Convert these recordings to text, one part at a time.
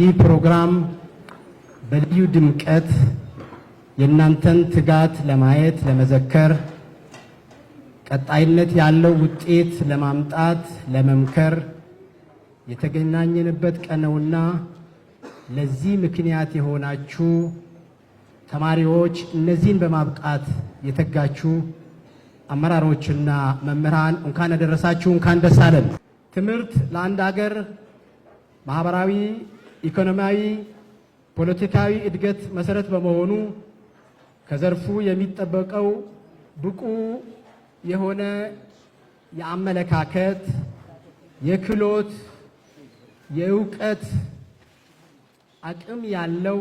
ይህ ፕሮግራም በልዩ ድምቀት የእናንተን ትጋት ለማየት ለመዘከር፣ ቀጣይነት ያለው ውጤት ለማምጣት ለመምከር የተገናኘንበት ቀን ነውና ለዚህ ምክንያት የሆናችሁ ተማሪዎች፣ እነዚህን በማብቃት የተጋችሁ አመራሮችና መምህራን እንኳን ያደረሳችሁ፣ እንኳን ደስ አለን። ትምህርት ለአንድ ሀገር ማህበራዊ ኢኮኖሚያዊ፣ ፖለቲካዊ እድገት መሰረት በመሆኑ ከዘርፉ የሚጠበቀው ብቁ የሆነ የአመለካከት፣ የክህሎት፣ የእውቀት አቅም ያለው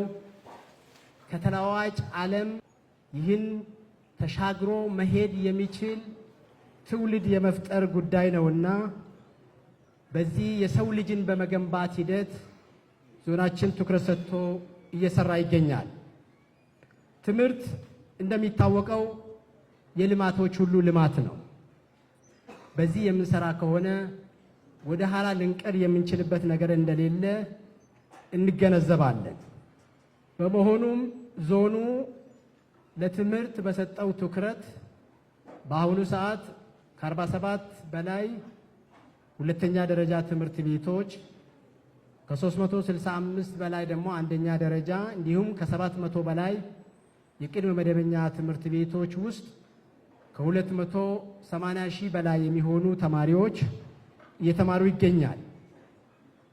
ከተለዋዋጭ ዓለም ይህን ተሻግሮ መሄድ የሚችል ትውልድ የመፍጠር ጉዳይ ነውና በዚህ የሰው ልጅን በመገንባት ሂደት ዞናችን ትኩረት ሰጥቶ እየሰራ ይገኛል። ትምህርት እንደሚታወቀው የልማቶች ሁሉ ልማት ነው። በዚህ የምንሰራ ከሆነ ወደ ኋላ ልንቀር የምንችልበት ነገር እንደሌለ እንገነዘባለን። በመሆኑም ዞኑ ለትምህርት በሰጠው ትኩረት በአሁኑ ሰዓት ከ47 በላይ ሁለተኛ ደረጃ ትምህርት ቤቶች ከ365 በላይ ደግሞ አንደኛ ደረጃ እንዲሁም ከ700 በላይ የቅድመ መደበኛ ትምህርት ቤቶች ውስጥ ከ280 ሺህ በላይ የሚሆኑ ተማሪዎች እየተማሩ ይገኛል።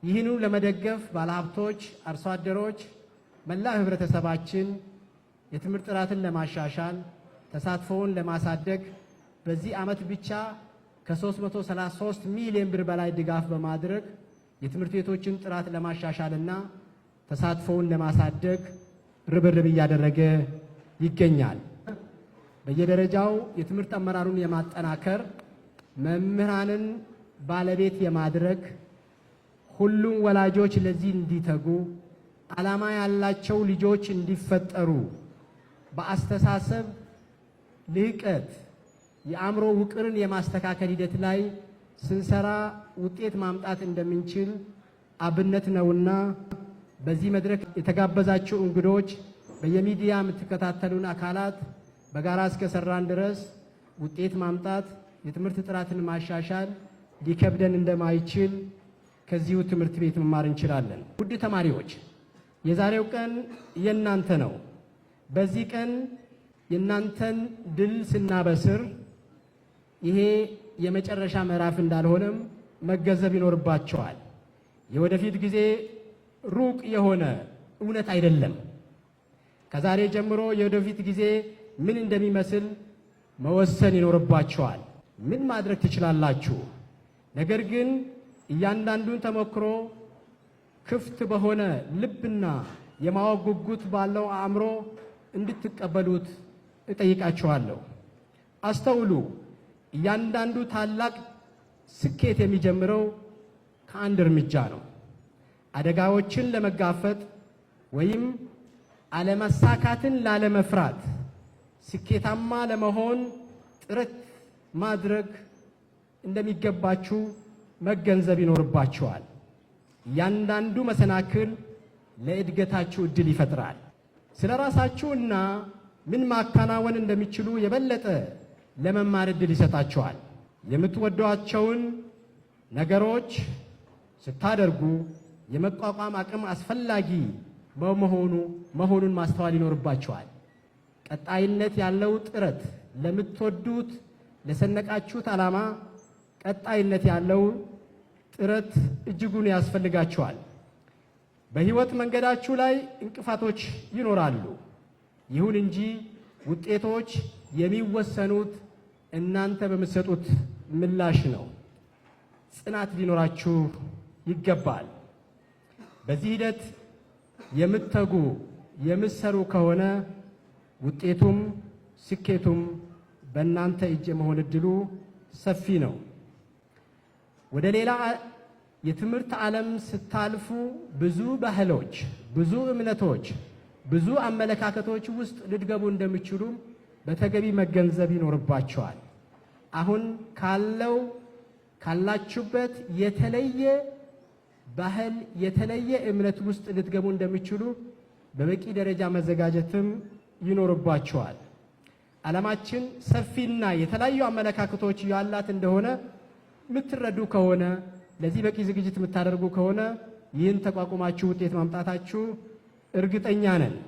ይህኑ ለመደገፍ ባለሀብቶች፣ አርሶ አደሮች፣ መላ ህብረተሰባችን የትምህርት ጥራትን ለማሻሻል ተሳትፎውን ለማሳደግ በዚህ ዓመት ብቻ ከ333 ሚሊዮን ብር በላይ ድጋፍ በማድረግ የትምህርት ቤቶችን ጥራት ለማሻሻልና ተሳትፎውን ለማሳደግ ርብርብ እያደረገ ይገኛል። በየደረጃው የትምህርት አመራሩን የማጠናከር መምህራንን ባለቤት የማድረግ ሁሉም ወላጆች ለዚህ እንዲተጉ ዓላማ ያላቸው ልጆች እንዲፈጠሩ በአስተሳሰብ ልህቀት የአእምሮ ውቅርን የማስተካከል ሂደት ላይ ስንሰራ ውጤት ማምጣት እንደምንችል አብነት ነውና በዚህ መድረክ የተጋበዛችሁ እንግዶች፣ በየሚዲያ የምትከታተሉን አካላት በጋራ እስከሰራን ድረስ ውጤት ማምጣት የትምህርት ጥራትን ማሻሻል ሊከብደን እንደማይችል ከዚሁ ትምህርት ቤት መማር እንችላለን። ውድ ተማሪዎች፣ የዛሬው ቀን የእናንተ ነው። በዚህ ቀን የእናንተን ድል ስናበስር ይሄ የመጨረሻ ምዕራፍ እንዳልሆነም መገንዘብ ይኖርባቸዋል። የወደፊት ጊዜ ሩቅ የሆነ እውነት አይደለም። ከዛሬ ጀምሮ የወደፊት ጊዜ ምን እንደሚመስል መወሰን ይኖርባቸዋል። ምን ማድረግ ትችላላችሁ? ነገር ግን እያንዳንዱን ተሞክሮ ክፍት በሆነ ልብና የማወቅ ጉጉት ባለው አእምሮ እንድትቀበሉት እጠይቃችኋለሁ። አስተውሉ። እያንዳንዱ ታላቅ ስኬት የሚጀምረው ከአንድ እርምጃ ነው። አደጋዎችን ለመጋፈጥ ወይም አለመሳካትን ላለመፍራት ስኬታማ ለመሆን ጥረት ማድረግ እንደሚገባችሁ መገንዘብ ይኖርባችኋል። እያንዳንዱ መሰናክል ለእድገታችሁ እድል ይፈጥራል። ስለ ራሳችሁ እና ምን ማከናወን እንደሚችሉ የበለጠ ለመማር እድል ይሰጣችኋል። የምትወዷቸውን ነገሮች ስታደርጉ የመቋቋም አቅም አስፈላጊ በመሆኑ መሆኑን ማስተዋል ይኖርባችኋል። ቀጣይነት ያለው ጥረት ለምትወዱት ለሰነቃችሁት ዓላማ ቀጣይነት ያለው ጥረት እጅጉን ያስፈልጋችኋል። በሕይወት መንገዳችሁ ላይ እንቅፋቶች ይኖራሉ። ይሁን እንጂ ውጤቶች የሚወሰኑት እናንተ በምትሰጡት ምላሽ ነው። ጽናት ሊኖራችሁ ይገባል። በዚህ ሂደት የምትተጉ የምትሰሩ ከሆነ ውጤቱም ስኬቱም በእናንተ እጅ የመሆን እድሉ ሰፊ ነው። ወደ ሌላ የትምህርት ዓለም ስታልፉ ብዙ ባህሎች፣ ብዙ እምነቶች፣ ብዙ አመለካከቶች ውስጥ ልትገቡ እንደሚችሉም። በተገቢ መገንዘብ ይኖርባቸዋል። አሁን ካለው ካላችሁበት የተለየ ባህል የተለየ እምነት ውስጥ ልትገቡ እንደሚችሉ በበቂ ደረጃ መዘጋጀትም ይኖርባቸዋል። ዓለማችን ሰፊና የተለያዩ አመለካከቶች ያላት እንደሆነ የምትረዱ ከሆነ ለዚህ በቂ ዝግጅት የምታደርጉ ከሆነ ይህን ተቋቁማችሁ ውጤት ማምጣታችሁ እርግጠኛ ነን።